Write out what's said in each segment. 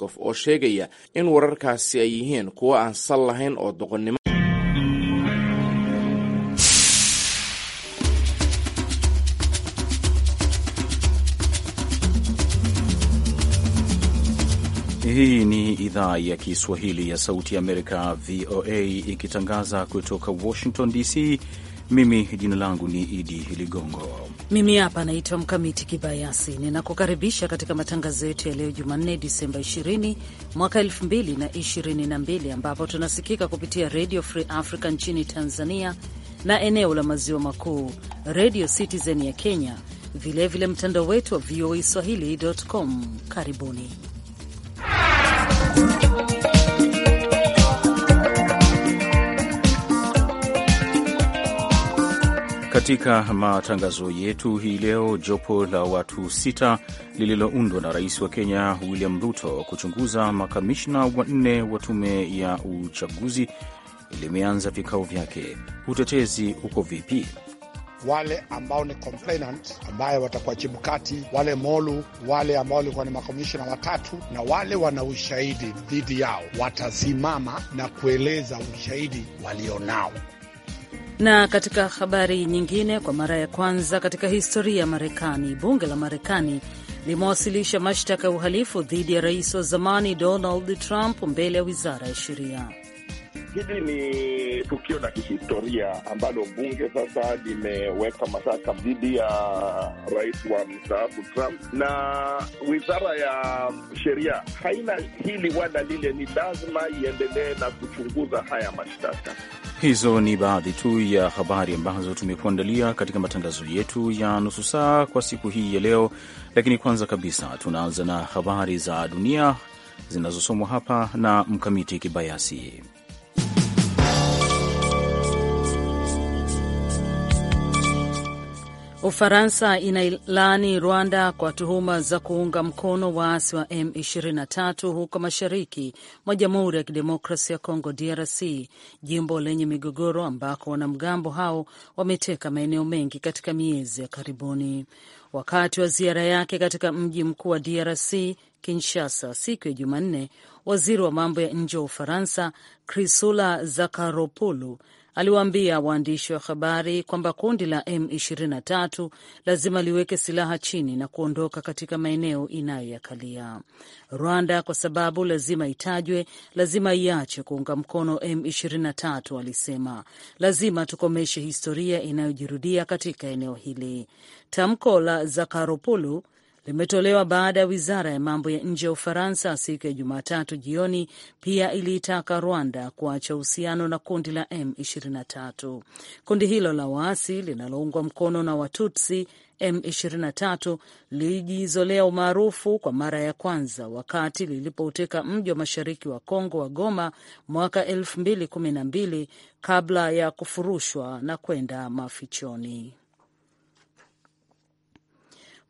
qof oo sheegaya in wararkaasi ay yihiin kuwo aan sal lahayn oo doqonnimo Hii ni idhaa ya Kiswahili ya Sauti ya Amerika, VOA, ikitangaza kutoka Washington DC. Mimi jina langu ni Idi Ligongo. Mimi hapa naitwa Mkamiti Kibayasi, ninakukaribisha katika matangazo yetu ya leo Jumanne, Disemba 20 mwaka 2022, ambapo tunasikika kupitia Radio Free Africa nchini Tanzania na eneo la maziwa makuu, Radio Citizen ya Kenya, vilevile mtandao wetu wa VOA Swahili.com. Karibuni Katika matangazo yetu hii leo, jopo la watu sita lililoundwa na rais wa Kenya William Ruto kuchunguza makamishna wanne wa tume ya uchaguzi limeanza vikao vyake. Utetezi uko vipi? wale ambao ni complainant ambaye watakuwa chibukati wale Molu, wale ambao walikuwa ni makomishona watatu na wale wana ushahidi dhidi yao watasimama na kueleza ushahidi walionao. Na katika habari nyingine, kwa mara ya kwanza katika historia ya Marekani, bunge la Marekani limewasilisha mashtaka ya uhalifu dhidi ya rais wa zamani Donald Trump mbele ya wizara ya sheria. Hili ni tukio la kihistoria ambalo bunge sasa limeweka mashtaka dhidi ya rais wa mstaafu Trump, na wizara ya sheria haina hili wala lile, ni lazima iendelee na kuchunguza haya mashtaka. Hizo ni baadhi tu ya habari ambazo tumekuandalia katika matangazo yetu ya nusu saa kwa siku hii ya leo, lakini kwanza kabisa tunaanza na habari za dunia zinazosomwa hapa na Mkamiti Kibayasi. Ufaransa inailani Rwanda kwa tuhuma za kuunga mkono waasi wa M23 huko mashariki mwa Jamhuri ya Kidemokrasia ya Kongo, DRC, jimbo lenye migogoro ambako wanamgambo hao wameteka maeneo mengi katika miezi ya karibuni. Wakati wa ziara yake katika mji mkuu wa DRC, Kinshasa, siku ya Jumanne, waziri wa mambo ya nje wa Ufaransa krisula zakaropolu aliwaambia waandishi wa habari kwamba kundi la M23 lazima liweke silaha chini na kuondoka katika maeneo inayoyakalia. Rwanda kwa sababu lazima itajwe, lazima iache kuunga mkono M23, alisema. Lazima tukomeshe historia inayojirudia katika eneo hili. Tamko la Zakaropulu limetolewa baada ya wizara ya mambo ya nje ya Ufaransa siku ya Jumatatu jioni pia iliitaka Rwanda kuacha uhusiano na kundi la M23. Kundi hilo la waasi linaloungwa mkono na Watutsi M23 lilijizolea umaarufu kwa mara ya kwanza wakati lilipouteka mji wa mashariki wa Kongo wa Goma mwaka 2012 kabla ya kufurushwa na kwenda mafichoni.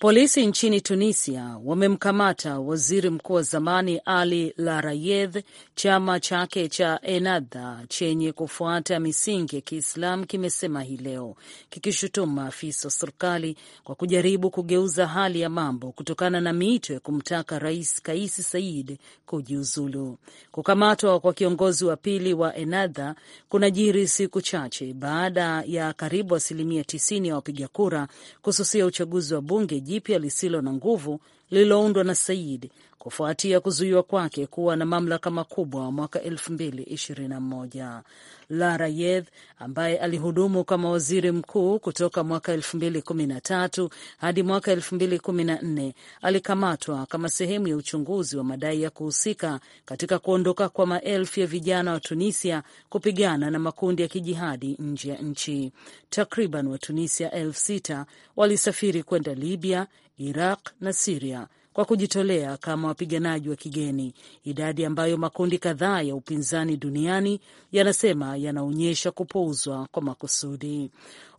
Polisi nchini Tunisia wamemkamata waziri mkuu wa zamani Ali Larayedh. Chama chake cha Ennahda chenye kufuata misingi ya Kiislamu kimesema hii leo, kikishutumu maafisa wa serikali kwa kujaribu kugeuza hali ya mambo kutokana na miito ya kumtaka Rais Kais Saied kujiuzulu. Kukamatwa kwa kiongozi wa pili wa Ennahda kunajiri siku chache baada ya karibu asilimia 90 ya wapiga kura kususia uchaguzi wa bunge jipya lisilo na nguvu lililoundwa na Said kufuatia kuzuiwa kwake kuwa na mamlaka makubwa mwaka 2021. Lara Yeth ambaye alihudumu kama waziri mkuu kutoka mwaka 2013 hadi mwaka 2014 alikamatwa kama sehemu ya uchunguzi wa madai ya kuhusika katika kuondoka kwa maelfu ya vijana wa Tunisia kupigana na makundi ya kijihadi nje ya nchi. Takriban Watunisia elfu sita walisafiri kwenda Libya, Iraq na Siria kwa kujitolea kama wapiganaji wa kigeni, idadi ambayo makundi kadhaa ya upinzani duniani yanasema yanaonyesha kupuuzwa kwa makusudi.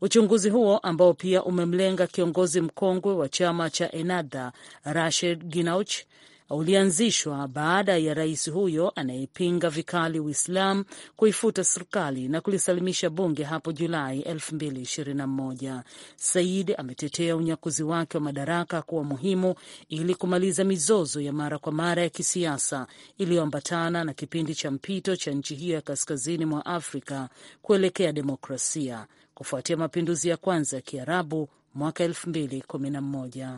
Uchunguzi huo ambao pia umemlenga kiongozi mkongwe wa chama cha Ennahda Rashid Ginauch ulianzishwa baada ya rais huyo anayepinga vikali Uislamu kuifuta serikali na kulisalimisha bunge hapo Julai 2021. Said ametetea unyakuzi wake wa madaraka kuwa muhimu ili kumaliza mizozo ya mara kwa mara ya kisiasa iliyoambatana na kipindi cha mpito cha nchi hiyo ya kaskazini mwa Afrika kuelekea demokrasia kufuatia mapinduzi ya kwanza ya Kiarabu mwaka 2011.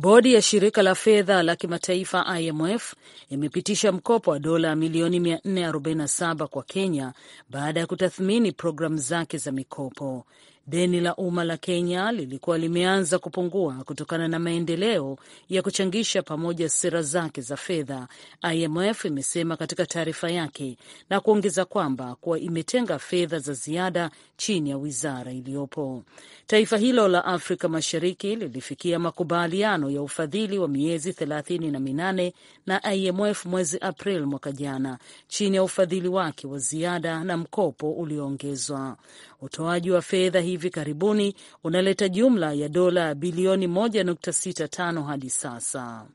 Bodi ya shirika la fedha la kimataifa IMF imepitisha mkopo wa dola milioni 447 kwa Kenya baada ya kutathmini programu zake za mikopo. Deni la umma la Kenya lilikuwa limeanza kupungua kutokana na maendeleo ya kuchangisha pamoja sera zake za fedha, IMF imesema katika taarifa yake, na kuongeza kwamba kuwa imetenga fedha za ziada chini ya wizara iliyopo. Taifa hilo la Afrika Mashariki lilifikia makubaliano ya ufadhili wa miezi thelathini na minane na IMF mwezi april mwaka jana, chini ya ufadhili wake wa ziada na mkopo ulioongezwa. Utoaji wa fedha hivi karibuni unaleta jumla ya dola bilioni 1.65 hadi sasa.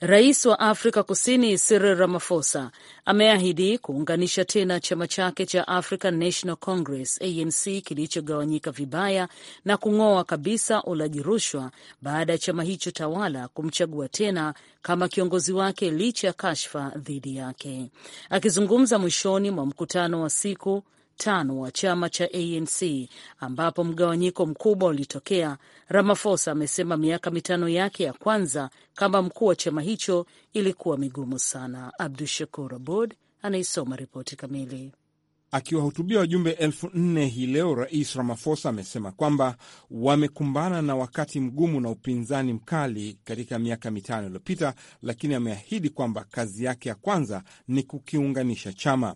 Rais wa Afrika Kusini Cyril Ramaphosa ameahidi kuunganisha tena chama chake cha African National Congress ANC kilichogawanyika vibaya na kung'oa kabisa ulaji rushwa baada ya chama hicho tawala kumchagua tena kama kiongozi wake licha ya kashfa dhidi yake. Akizungumza mwishoni mwa mkutano wa siku tano wa chama cha ANC ambapo mgawanyiko mkubwa ulitokea. Ramaphosa amesema miaka mitano yake ya kwanza kama mkuu wa chama hicho ilikuwa migumu sana. Abdu Shakur Abud anaisoma ripoti kamili. Akiwahutubia wajumbe elfu nne hii leo, Rais Ramaphosa amesema kwamba wamekumbana na wakati mgumu na upinzani mkali katika miaka mitano iliyopita, lakini ameahidi kwamba kazi yake ya kwanza ni kukiunganisha chama.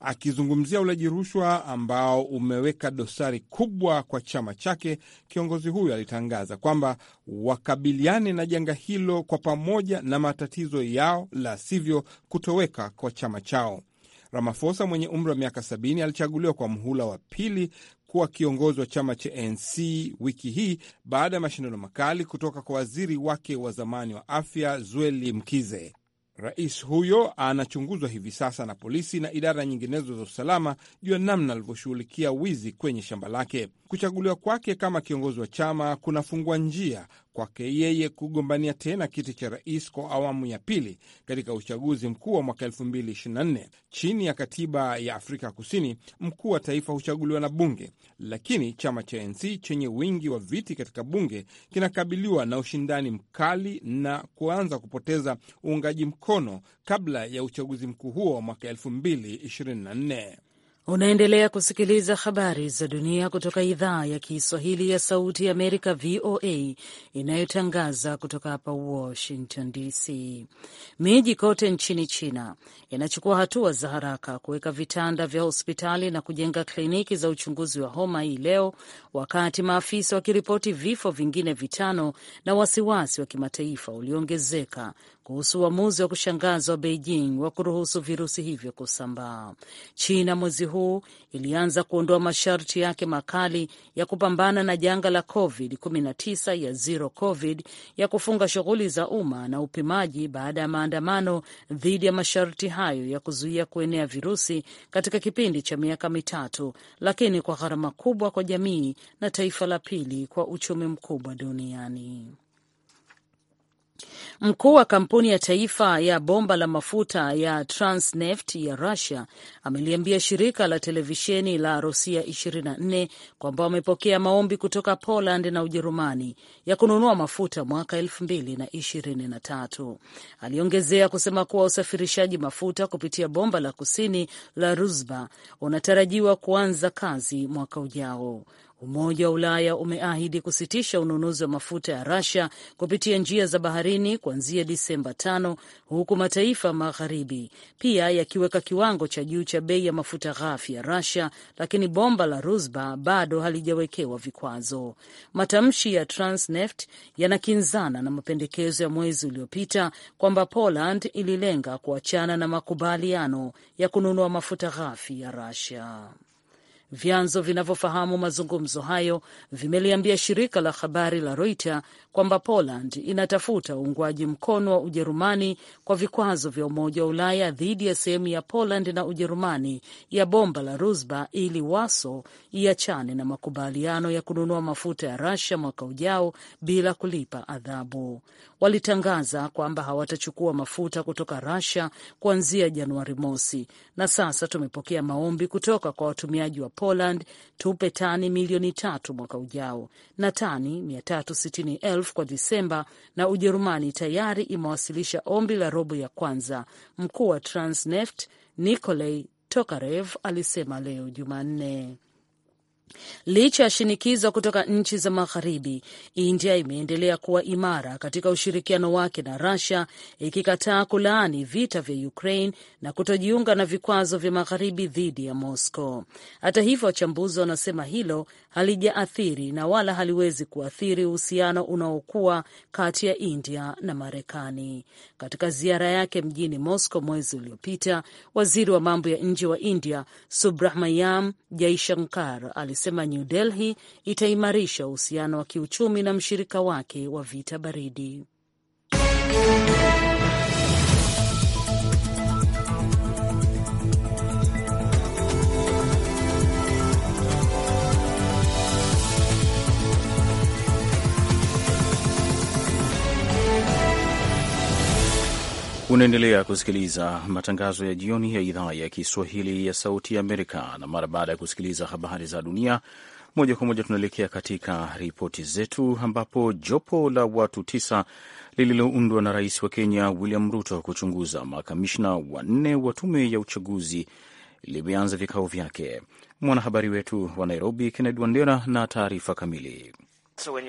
Akizungumzia ulaji rushwa ambao umeweka dosari kubwa kwa chama chake, kiongozi huyo alitangaza kwamba wakabiliane na janga hilo kwa pamoja na matatizo yao, la sivyo kutoweka kwa chama chao. Ramaphosa mwenye umri wa miaka 70 alichaguliwa kwa mhula wa pili kuwa kiongozi wa chama cha ANC wiki hii baada ya mashindano makali kutoka kwa waziri wake wa zamani wa afya Zweli Mkize. Rais huyo anachunguzwa hivi sasa na polisi na idara nyinginezo za usalama juu ya namna alivyoshughulikia wizi kwenye shamba lake. Kuchaguliwa kwake kama kiongozi wa chama kunafungua njia kwake yeye kugombania tena kiti cha rais kwa awamu ya pili katika uchaguzi mkuu wa mwaka 2024. Chini ya katiba ya Afrika Kusini, mkuu wa taifa huchaguliwa na bunge, lakini chama cha ANC chenye wingi wa viti katika bunge kinakabiliwa na ushindani mkali na kuanza kupoteza uungaji mkono kabla ya uchaguzi mkuu huo wa mwaka 2024. Unaendelea kusikiliza habari za dunia kutoka idhaa ya Kiswahili ya Sauti ya Amerika, VOA, inayotangaza kutoka hapa Washington DC. Miji kote nchini China inachukua hatua za haraka kuweka vitanda vya hospitali na kujenga kliniki za uchunguzi wa homa hii leo, wakati maafisa wakiripoti vifo vingine vitano na wasiwasi wa kimataifa ulioongezeka kuhusu uamuzi wa kushangaza wa Beijing wa kuruhusu virusi hivyo kusambaa. China mwezi huu ilianza kuondoa masharti yake makali ya kupambana na janga la COVID-19 ya zero COVID, ya kufunga shughuli za umma na upimaji baada ya maandamano dhidi ya masharti hayo ya kuzuia kuenea virusi katika kipindi cha miaka mitatu, lakini kwa gharama kubwa kwa jamii na taifa la pili kwa uchumi mkubwa duniani. Mkuu wa kampuni ya taifa ya bomba la mafuta ya Transneft ya Russia ameliambia shirika la televisheni la Rosia 24 kwamba wamepokea maombi kutoka Poland na Ujerumani ya kununua mafuta mwaka 2023. Aliongezea kusema kuwa usafirishaji mafuta kupitia bomba la kusini la Rusba unatarajiwa kuanza kazi mwaka ujao. Umoja wa Ulaya umeahidi kusitisha ununuzi wa mafuta ya rasia kupitia njia za baharini kuanzia Disemba tano, huku mataifa magharibi pia yakiweka kiwango cha juu cha bei ya mafuta ghafi ya rasia lakini bomba la Rusba bado halijawekewa vikwazo. Matamshi ya Transneft yanakinzana na mapendekezo ya mwezi uliopita kwamba Poland ililenga kuachana na makubaliano ya kununua mafuta ghafi ya rasia Vyanzo vinavyofahamu mazungumzo hayo vimeliambia shirika la habari la Reuters kwamba Poland inatafuta uungwaji mkono wa Ujerumani kwa vikwazo vya Umoja wa Ulaya dhidi ya sehemu ya Poland na Ujerumani ya bomba la Rusba ili waso iachane na makubaliano ya kununua mafuta ya Russia mwaka ujao bila kulipa adhabu walitangaza kwamba hawatachukua mafuta kutoka Russia kuanzia Januari mosi, na sasa tumepokea maombi kutoka kwa watumiaji wa Poland, tupe tani milioni tatu mwaka ujao na tani 360,000 kwa Disemba, na Ujerumani tayari imewasilisha ombi la robo ya kwanza, mkuu wa Transneft Nikolai Tokarev alisema leo Jumanne. Licha ya shinikizo kutoka nchi za Magharibi, India imeendelea kuwa imara katika ushirikiano wake na Russia, ikikataa kulaani vita vya Ukraine na kutojiunga na vikwazo vya Magharibi dhidi ya Moscow. Hata hivyo, wachambuzi wanasema hilo halijaathiri na wala haliwezi kuathiri uhusiano unaokuwa kati ya India na Marekani. Katika ziara yake mjini Moscow mwezi uliopita, waziri wa mambo ya nje wa India Subrahmanyam Jaishankar amesema New Delhi itaimarisha uhusiano wa kiuchumi na mshirika wake wa vita baridi. Unaendelea kusikiliza matangazo ya jioni ya idhaa ya Kiswahili ya Sauti ya Amerika, na mara baada ya kusikiliza habari za dunia moja kwa moja tunaelekea katika ripoti zetu, ambapo jopo la watu tisa lililoundwa na rais wa Kenya William Ruto kuchunguza makamishna wanne wa tume ya uchaguzi limeanza vikao vyake. Mwanahabari wetu wa Nairobi, Kennedy Wandera, na taarifa kamili. So when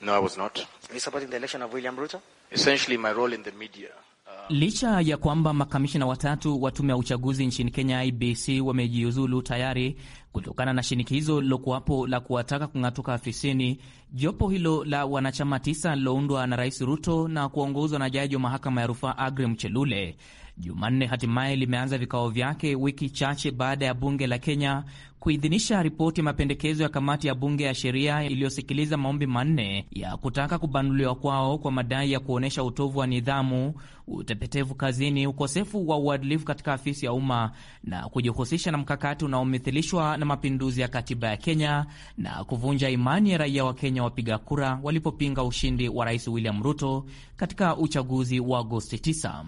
No, I was not. You supporting the election of William Ruto? Essentially my role in the media. Uh, Licha ya kwamba makamishina watatu wa tume ya uchaguzi nchini Kenya IBC wamejiuzulu tayari kutokana na shinikizo lilokuwapo la kuwataka kung'atuka afisini, jopo hilo la wanachama tisa liloundwa na Rais Ruto na kuongozwa na jaji wa mahakama ya rufaa Agre Mchelule Jumanne hatimaye limeanza vikao vyake wiki chache baada ya bunge la Kenya kuidhinisha ripoti ya mapendekezo ya kamati ya bunge ya sheria iliyosikiliza maombi manne ya kutaka kubanuliwa kwao kwa madai ya kuonyesha utovu wa nidhamu, utepetevu kazini, ukosefu wa uadilifu katika afisi ya umma na kujihusisha na mkakati unaomithilishwa na mapinduzi ya katiba ya Kenya na kuvunja imani ya raia wa Kenya wapiga kura walipopinga ushindi wa Rais William Ruto katika uchaguzi wa Agosti 9.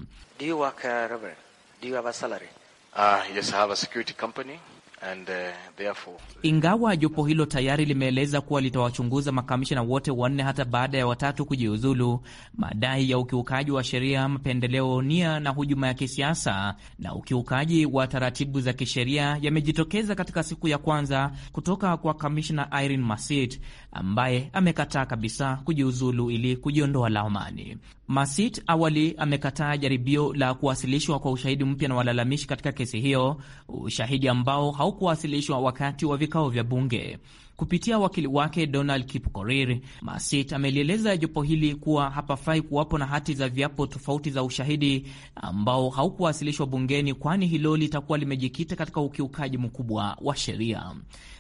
And, uh, therefore... ingawa jopo hilo tayari limeeleza kuwa litawachunguza makamishina wote wanne hata baada ya watatu kujiuzulu, madai ya ukiukaji wa sheria, mapendeleo, nia na hujuma ya kisiasa na ukiukaji wa taratibu za kisheria yamejitokeza katika siku ya kwanza kutoka kwa kamishna Irene Masit ambaye amekataa kabisa kujiuzulu ili kujiondoa laumani. Masit awali amekataa jaribio la kuwasilishwa kwa ushahidi mpya na walalamishi katika kesi hiyo, ushahidi ambao haukuwasilishwa wakati wa vikao vya bunge. Kupitia wakili wake Donald Kipkorir, Masit amelieleza jopo hili kuwa hapafai kuwapo na hati za viapo tofauti za ushahidi ambao haukuwasilishwa bungeni, kwani hilo litakuwa limejikita katika ukiukaji mkubwa wa sheria.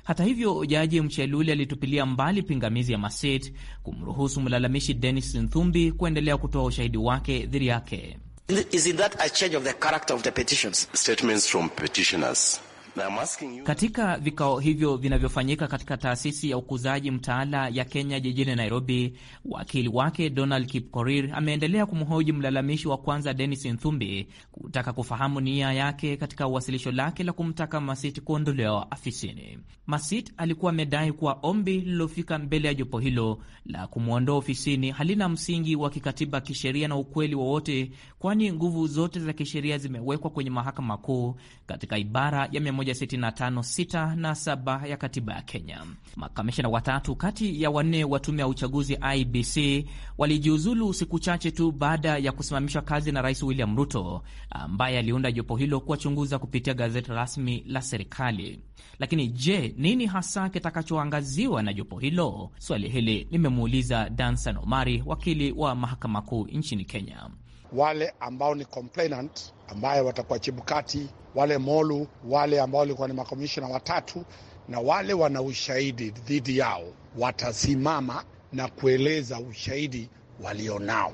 Hata hivyo, jaji Mcheluli alitupilia mbali pingamizi ya Masit kumruhusu mlalamishi Denis Nthumbi kuendelea kutoa ushahidi wake dhidi yake. Isn't that a change of the character of the petitions? Statements from petitioners katika vikao hivyo vinavyofanyika katika taasisi ya ukuzaji mtaala ya Kenya jijini Nairobi, wakili wake Donald Kipkorir ameendelea kumhoji mlalamishi wa kwanza Denis Nthumbi kutaka kufahamu nia yake katika uwasilisho lake la kumtaka Masit kuondolewa afisini. Masit alikuwa amedai kuwa ombi lililofika mbele ya jopo hilo la kumwondoa ofisini halina msingi wa kikatiba, kisheria na ukweli wowote, kwani nguvu zote za kisheria zimewekwa kwenye mahakama kuu katika ibara ya 165 na 7 ya katiba ya Kenya. Makamishina watatu kati ya wanne wa tume ya uchaguzi IBC walijiuzulu siku chache tu baada ya kusimamishwa kazi na Rais William Ruto ambaye aliunda jopo hilo kuwachunguza kupitia gazeti rasmi la serikali. Lakini je, nini hasa kitakachoangaziwa na jopo hilo? Swali hili limemuuliza Dansan Omari, wakili wa mahakama kuu nchini Kenya. Wale ambao ni complainant ambaye watakuwa chibukati wale Molu, wale ambao walikuwa ni makomishona watatu na wale wana ushahidi dhidi yao watasimama na kueleza ushahidi walionao,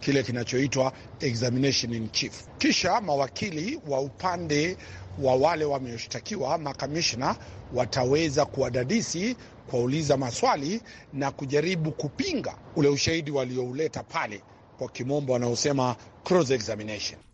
kile kinachoitwa examination in chief. Kisha mawakili wa upande wa wale wameshtakiwa, makamishna, wataweza kuwadadisi, kuwauliza maswali na kujaribu kupinga ule ushahidi waliouleta pale, kwa kimombo wanaosema cross examination.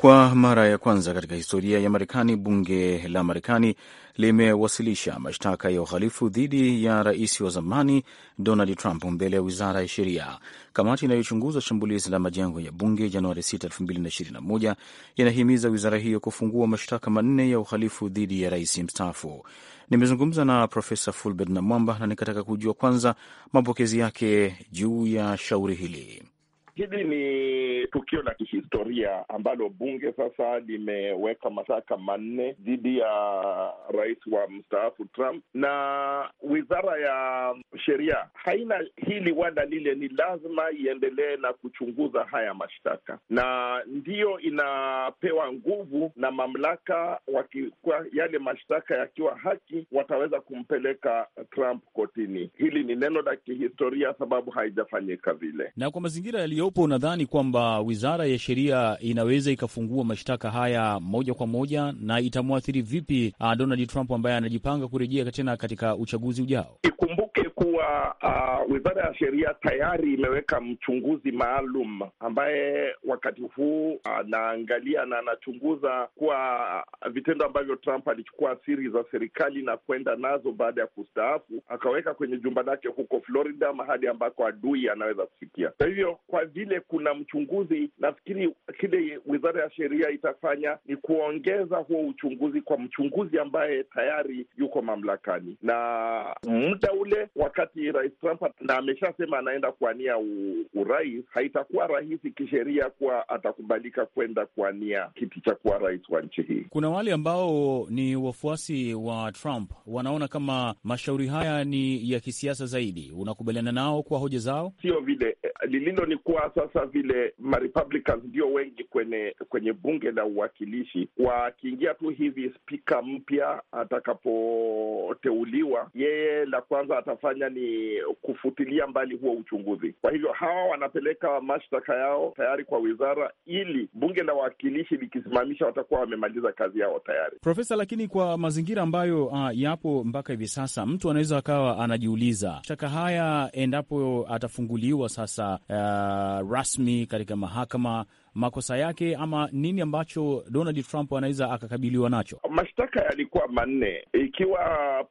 Kwa mara ya kwanza katika historia ya Marekani, bunge la Marekani limewasilisha mashtaka ya uhalifu dhidi ya rais wa zamani Donald Trump mbele ya wizara ya sheria. Kamati inayochunguza shambulizi la majengo ya bunge Januari 6, 2021 inahimiza wizara hiyo kufungua mashtaka manne ya uhalifu dhidi ya rais mstaafu. Nimezungumza na Profesa Fulbert Namwamba na nikataka kujua kwanza mapokezi yake juu ya shauri hili. Hili ni tukio la kihistoria ambalo bunge sasa limeweka mashtaka manne dhidi ya rais wa mstaafu Trump, na wizara ya sheria haina hili wala lile, ni lazima iendelee na kuchunguza haya mashtaka, na ndiyo inapewa nguvu na mamlaka. Wakikuwa yale mashtaka yakiwa haki, wataweza kumpeleka Trump kotini. Hili ni neno la kihistoria, sababu haijafanyika vile, na kwa mazingira yaliyo uliopo, unadhani kwamba wizara ya sheria inaweza ikafungua mashtaka haya moja kwa moja na itamwathiri vipi ah, Donald Trump ambaye anajipanga kurejea tena katika uchaguzi ujao? Ikumbuke kuwa uh, wizara ya sheria tayari imeweka mchunguzi maalum ambaye wakati huu anaangalia uh, na anachunguza kuwa vitendo ambavyo Trump alichukua siri za serikali na kwenda nazo baada ya kustaafu, akaweka kwenye jumba lake huko Florida, mahali ambako adui anaweza kufikia. Kwa hivyo, kwa vile kuna mchunguzi, nafikiri kile wizara ya sheria itafanya ni kuongeza huo uchunguzi kwa mchunguzi ambaye tayari yuko mamlakani na muda ule wa wakati Rais Trump na ameshasema anaenda kuania urais, haitakuwa rahisi kisheria kuwa atakubalika kwenda kuania kiti cha kuwa rais wa nchi hii. Kuna wale ambao ni wafuasi wa Trump wanaona kama mashauri haya ni ya kisiasa zaidi. Unakubaliana nao kwa hoja zao? Sio vile lililo ni kuwa sasa vile marepublicans ndio wengi kwenye kwenye bunge la uwakilishi, wakiingia tu hivi spika mpya atakapoteuliwa, yeye la kwanza atafanya ni kufutilia mbali huo uchunguzi. Kwa hivyo hawa wanapeleka mashtaka yao tayari kwa wizara, ili bunge la uwakilishi likisimamisha, watakuwa wamemaliza kazi yao tayari. Profesa, lakini kwa mazingira ambayo uh, yapo mpaka hivi sasa, mtu anaweza akawa anajiuliza mashtaka haya endapo atafunguliwa sasa uh, rasmi katika mahakama makosa yake ama nini ambacho Donald Trump anaweza akakabiliwa nacho? Mashtaka yalikuwa manne, ikiwa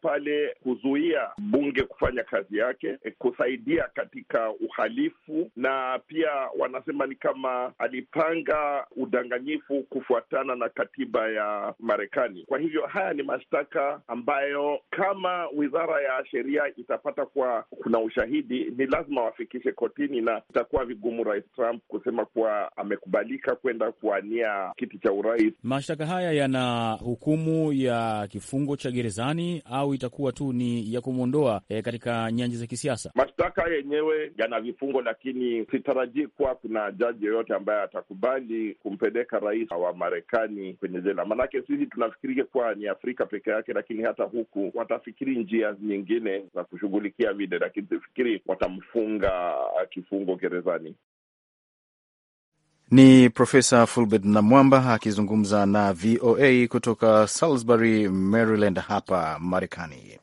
pale kuzuia bunge kufanya kazi yake, kusaidia katika uhalifu, na pia wanasema ni kama alipanga udanganyifu kufuatana na katiba ya Marekani. Kwa hivyo haya ni mashtaka ambayo kama wizara ya sheria itapata kuwa kuna ushahidi, ni lazima wafikishe kotini, na itakuwa vigumu Rais Trump kusema kuwa amekubali kukubalika kwenda kuwania kiti cha urais. Mashtaka haya yana hukumu ya kifungo cha gerezani au itakuwa tu ni ya kumwondoa e, katika nyanja za kisiasa? Mashtaka yenyewe yana vifungo, lakini sitarajii kuwa kuna jaji yoyote ambaye atakubali kumpeleka rais wa Marekani kwenye jela, maanake sisi tunafikiria kuwa ni Afrika peke yake, lakini hata huku watafikiri njia nyingine za kushughulikia vile, lakini sifikiri watamfunga kifungo gerezani. Ni Profesa Fulbert Namwamba akizungumza na VOA kutoka Salisbury, Maryland, hapa Marekani.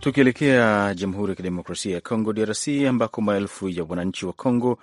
Tukielekea Jamhuri ya Kidemokrasia ya Kongo, DRC, ambako maelfu ya wananchi wa Kongo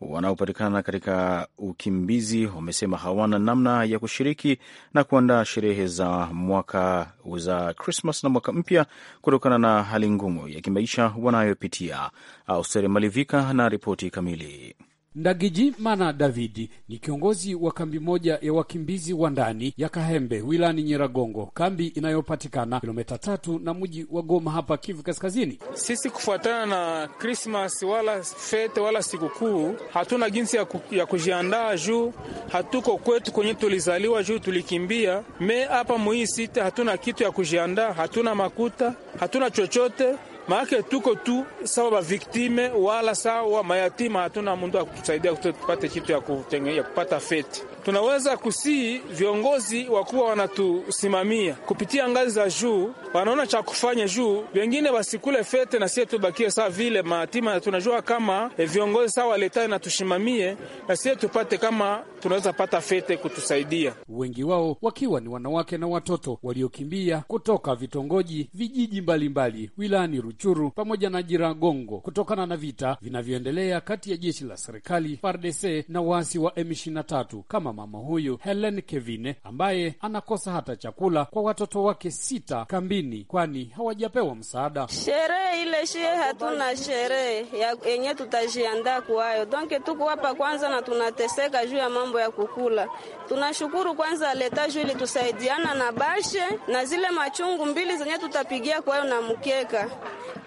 wanaopatikana katika ukimbizi wamesema hawana namna ya kushiriki na kuandaa sherehe za mwaka za Krismas na mwaka mpya kutokana na hali ngumu ya kimaisha wanayopitia. Austeri Malivika na ripoti kamili ndagiji mana Davidi ni kiongozi wa kambi moja ya wakimbizi wa ndani ya Kahembe wilani Nyiragongo, kambi inayopatikana kilomita tatu na mji wa Goma hapa Kivu Kaskazini. Sisi kufuatana na Krismas wala fete wala sikukuu hatuna jinsi ya, ku, ya kujiandaa juu hatuko kwetu kwenye tulizaliwa, juu tulikimbia me hapa muhii sita, hatuna kitu ya kujiandaa, hatuna makuta, hatuna chochote maake tuko tu sawa baviktime wala sawa mayatima, hatuna mundu akutusaidia tupate kitu ya, kutenge, ya kupata feti tunaweza kusii viongozi wakuwa wanatusimamia kupitia ngazi za juu, wanaona cha kufanya juu, wengine wasikule fete na sie tubakie saa vile maatima. Tunajua kama e, viongozi saa waletae na tushimamie na sie tupate kama tunaweza pata fete kutusaidia, wengi wao wakiwa ni wanawake na watoto waliokimbia kutoka vitongoji vijiji mbalimbali wilayani Ruchuru pamoja na Jiragongo kutokana na vita vinavyoendelea kati ya jeshi la serikali FARDC na waasi wa M23 kama mama huyu Helen Kevine ambaye anakosa hata chakula kwa watoto wake sita kambini, kwani hawajapewa msaada. Sherehe ile shie hatuna sherehe yenye tutajiandaa kwayo, donke tuko hapa kwanza na tunateseka juu ya mambo ya kukula. Tunashukuru kwanza leta juu ili tusaidiana na bashe na zile machungu mbili zenye tutapigia kwayo na mkeka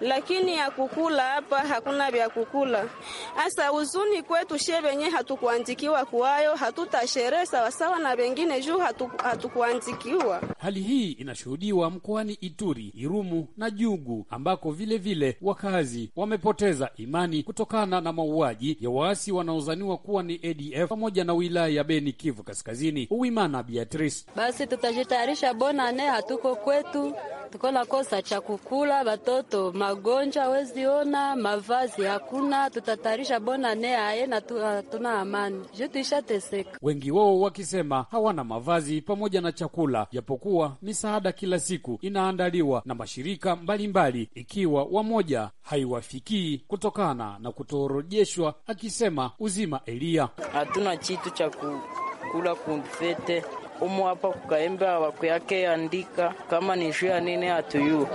lakini ya kukula hapa hakuna vya kukula. Hasa uzuni kwetu shie venye hatukuandikiwa kuwayo, hatutashere sawasawa na vengine juu hatukuandikiwa. Hali hii inashuhudiwa mkoani Ituri, Irumu na Jugu ambako vilevile vile wakazi wamepoteza imani kutokana na mauaji ya waasi wanaozaniwa kuwa ni ADF pamoja na wilaya ya Beni, Kivu Kaskazini. Uwimana Beatrice: basi tutajitayarisha bonane, hatuko kwetu, tuko na kosa cha kukula, watoto magonjwa, wezi ona mavazi hakuna, tutatarisha bona ne aye na ah, tuna amani juu tuishateseka. Wengi wao wakisema hawana mavazi pamoja na chakula, japokuwa misaada kila siku inaandaliwa na mashirika mbalimbali mbali, ikiwa wamoja haiwafikii kutokana na kutoorojeshwa, akisema Uzima Eliya, hatuna chitu cha kukula kumfete umu hapa kukaembe awakuyake andika kama ni juu ya nini hatuyu.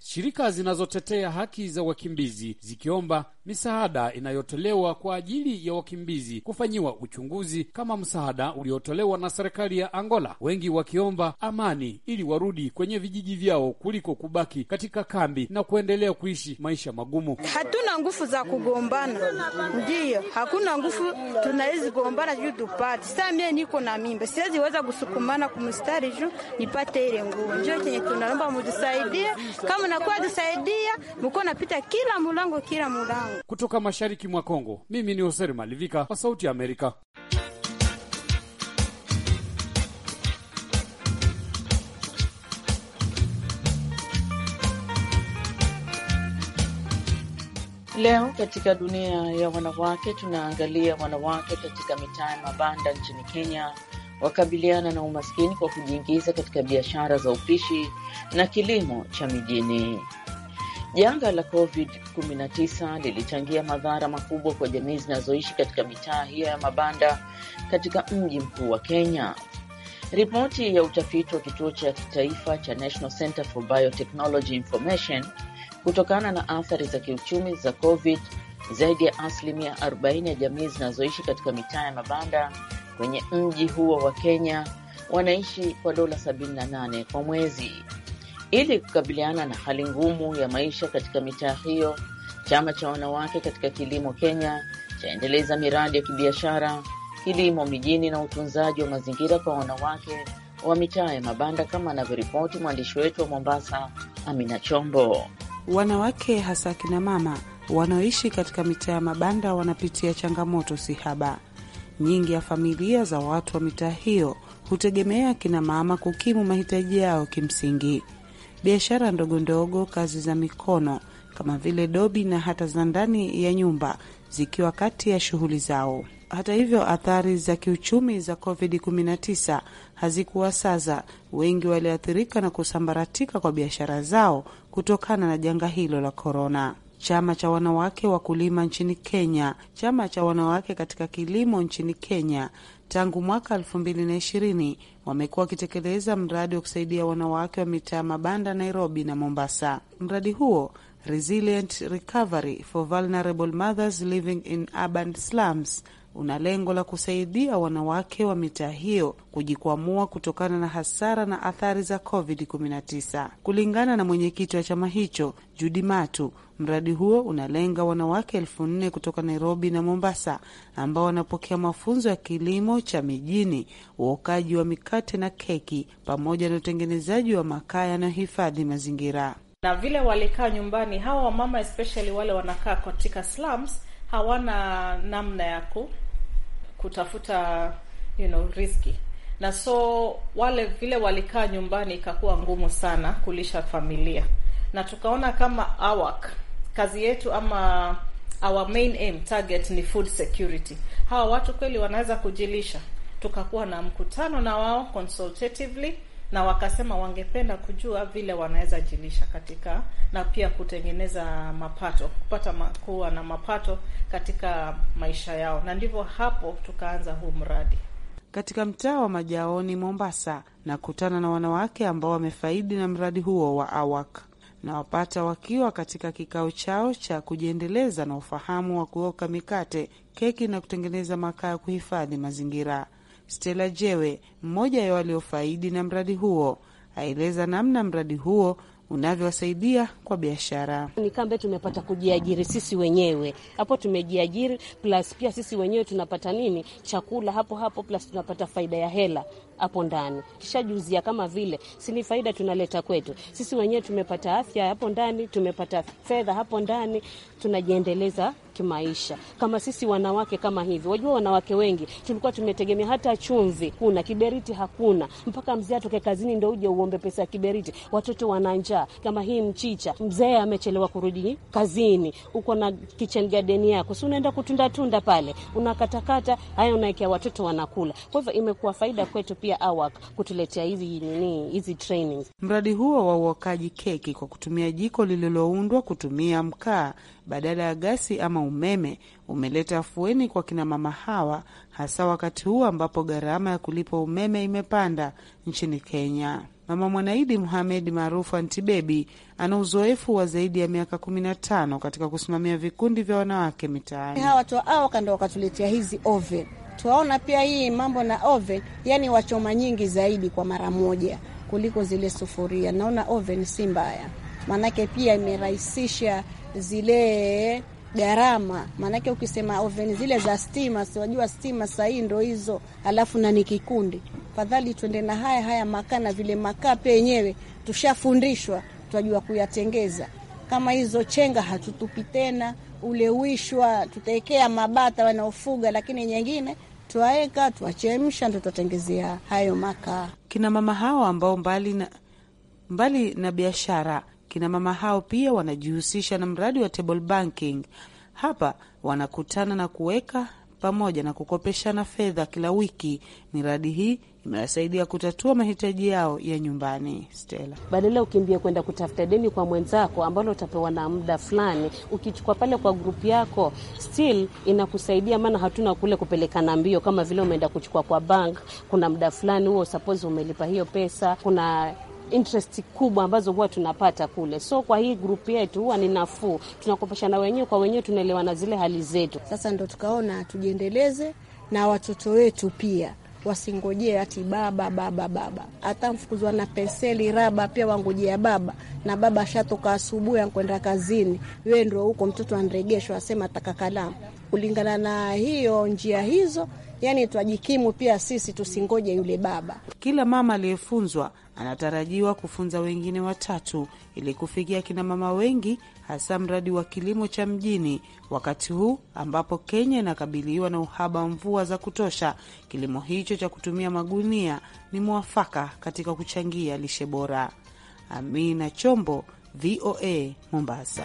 Shirika zinazotetea haki za wakimbizi zikiomba misaada inayotolewa kwa ajili ya wakimbizi kufanyiwa uchunguzi kama msaada uliotolewa na serikali ya Angola, wengi wakiomba amani ili warudi kwenye vijiji vyao kuliko kubaki katika kambi na kuendelea kuishi maisha magumu. Hatuna nguvu za kugombana, ndiyo hakuna nguvu tunawezi kugombana juu tupate. Saa mie niko na mimba, siwezi weza kusukumana kumstari juu nipate ile nguvu. Njio chenye tunaomba mutusaidie, kama nakuwa tusaidia, mko napita kila mulango, kila mulango kutoka mashariki mwa Kongo. Mimi ni Hoseri Malivika wa Sauti ya Amerika. Leo katika dunia ya wanawake, tunaangalia wanawake katika mitaa ya mabanda nchini Kenya wakabiliana na umaskini kwa kujiingiza katika biashara za upishi na kilimo cha mijini. Janga la COVID-19 lilichangia madhara makubwa kwa jamii zinazoishi katika mitaa hiyo ya mabanda katika mji mkuu wa Kenya. Ripoti ya utafiti wa kituo cha kitaifa cha National Center for Biotechnology Information, kutokana na athari za kiuchumi za COVID, zaidi ya asilimia 40 ya jamii zinazoishi katika mitaa ya mabanda kwenye mji huo wa Kenya wanaishi kwa dola 78 kwa mwezi. Ili kukabiliana na hali ngumu ya maisha katika mitaa hiyo, chama cha wanawake katika kilimo Kenya chaendeleza miradi ya kibiashara, kilimo mijini na utunzaji wa mazingira kwa wanawake wa mitaa ya mabanda, kama anavyoripoti mwandishi wetu wa Mombasa, Amina Chombo. Wanawake hasa kina mama wanaoishi katika mitaa ya mabanda wanapitia changamoto si haba. Nyingi ya familia za watu wa mitaa hiyo hutegemea kinamama mama kukimu mahitaji yao kimsingi biashara ndogo ndogo, kazi za mikono kama vile dobi na hata za ndani ya nyumba zikiwa kati ya shughuli zao. Hata hivyo, athari za kiuchumi za COVID-19 saza wengi walioathirika na kusambaratika kwa biashara zao kutokana na janga hilo la korona. Chama cha wanawake wakulima nchini Kenya, chama cha wanawake katika kilimo nchini Kenya tangu mwaka elfu mbili na ishirini wamekuwa wakitekeleza mradi wa kusaidia wanawake wa mitaa mabanda Nairobi na Mombasa. Mradi huo Resilient Recovery for Vulnerable Mothers Living in Urban Slums una lengo la kusaidia wanawake wa mitaa hiyo kujikwamua kutokana na hasara na athari za COVID-19. Kulingana na mwenyekiti wa chama hicho Judi Matu, mradi huo unalenga wanawake elfu nne kutoka Nairobi na Mombasa ambao wanapokea mafunzo ya kilimo cha mijini, uokaji wa mikate na keki, pamoja na utengenezaji wa makaa yanayohifadhi mazingira. Na vile walikaa nyumbani, hawa wamama especially wale wanakaa katika slums hawana namna ya kutafuta you know, riski na so wale vile walikaa nyumbani, ikakuwa ngumu sana kulisha familia, na tukaona kama awak kazi yetu ama our main aim target ni food security. Hawa watu kweli wanaweza kujilisha? Tukakuwa na mkutano na wao consultatively na wakasema wangependa kujua vile wanaweza jilisha katika na pia kutengeneza mapato, kupata kuwa na mapato katika maisha yao, na ndivyo hapo tukaanza huu mradi katika mtaa wa Majaoni, Mombasa, nakutana na wanawake ambao wamefaidi na mradi huo wa AWAK na wapata wakiwa katika kikao chao cha kujiendeleza na ufahamu wa kuoka mikate, keki na kutengeneza makaa ya kuhifadhi mazingira. Stella Jewe, mmoja ya waliofaidi na mradi huo, aeleza namna mradi huo unavyowasaidia kwa biashara. Ni kama tumepata kujiajiri sisi wenyewe hapo, tumejiajiri plus pia sisi wenyewe tunapata nini chakula hapo hapo, plus tunapata faida ya hela hapo ndani, kishajuzia kama vile sini faida tunaleta kwetu sisi wenyewe. Tumepata afya hapo ndani, tumepata fedha hapo ndani, tunajiendeleza kimaisha. Kama sisi wanawake kama hivi, wajua wanawake wengi tulikuwa tumetegemea hata chumvi kuna kiberiti hakuna, mpaka mzee atoke kazini ndo uje uombe pesa ya kiberiti. Watoto wana njaa kama hii mchicha, mzee amechelewa kurudi kazini, uko na kitchen garden yako, si unaenda kutunda tunda pale, unakatakata haya, unaekea watoto wanakula. Kwa hivyo imekuwa faida kwetu pia AWAC kutuletea hizi nini, hizi trainings. Mradi huo wa uokaji keki kwa kutumia jiko lililoundwa kutumia mkaa badala ya gasi ama umeme umeleta afueni kwa kinamama hawa, hasa wakati huu ambapo gharama ya kulipa umeme imepanda nchini Kenya. Mama Mwanaidi Muhamed maarufu Antibebi ana uzoefu wa zaidi ya miaka kumi na tano katika kusimamia vikundi vya wanawake mitaani. Hawa watu aoka ndo wakatuletea hizi oven, tuwaona pia hii mambo na oven, yani wachoma nyingi zaidi kwa mara moja kuliko zile sufuria. Naona oven si mbaya, maanake pia imerahisisha zile gharama maanake, ukisema oven zile za stima, siwajua stima sahii ndo hizo, alafu na ni kikundi. Fadhali twende na haya haya makaa, na vile makaa pia yenyewe tushafundishwa, twajua kuyatengeza. Kama hizo chenga hatutupi tena, ule wishwa tutaekea mabata wanaofuga, lakini nyingine twaeka, twachemsha, ndo twatengezea hayo makaa. Kina mama hao ambao mbali na, mbali na biashara Kina mama hao pia wanajihusisha na mradi wa table banking. Hapa wanakutana na kuweka pamoja na kukopeshana fedha kila wiki. Miradi hii imewasaidia kutatua mahitaji yao ya nyumbani. Stella, badala ukimbia kwenda kutafuta deni kwa mwenzako ambalo utapewa na muda fulani, ukichukua pale kwa grupu yako still inakusaidia, maana hatuna kule kupelekana mbio kama vile umeenda kuchukua kwa bank. Kuna muda fulani huo suppose umelipa hiyo pesa, kuna interest kubwa ambazo huwa tunapata kule. So kwa hii grupu yetu huwa ni nafuu, tunakopeshana wenyewe kwa wenyewe, tunaelewana zile hali zetu. Sasa ndo tukaona tujiendeleze na watoto wetu pia wasingojee ati baba baba baba, hata mfukuzwa na penseli raba pia wangojea baba na baba. Ashatoka asubuhi ankwenda kazini, wewe ndio huko mtoto anregeshwa, asema ataka kalamu. Kulingana na hiyo njia hizo, yani twajikimu pia sisi, tusingoje yule baba. Kila mama aliyefunzwa anatarajiwa kufunza wengine watatu ili kufikia kinamama wengi, hasa mradi wa kilimo cha mjini. Wakati huu ambapo Kenya inakabiliwa na uhaba wa mvua za kutosha, kilimo hicho cha kutumia magunia ni mwafaka katika kuchangia lishe bora. Amina Chombo, VOA, Mombasa.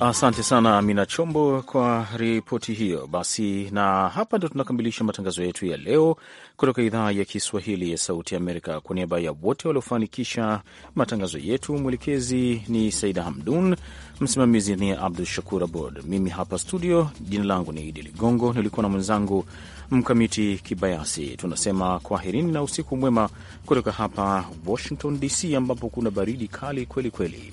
Asante sana Amina Chombo kwa ripoti hiyo. Basi na hapa ndo tunakamilisha matangazo yetu ya leo kutoka idhaa ya Kiswahili ya Sauti Amerika. Kwa niaba ya wote waliofanikisha matangazo yetu, mwelekezi ni Saida Hamdun, msimamizi ni Abdu Shakur Abod. Mimi hapa studio, jina langu ni Idi Ligongo, nilikuwa na mwenzangu Mkamiti Kibayasi. Tunasema kwaherini na usiku mwema kutoka hapa Washington DC, ambapo kuna baridi kali kweli kweli.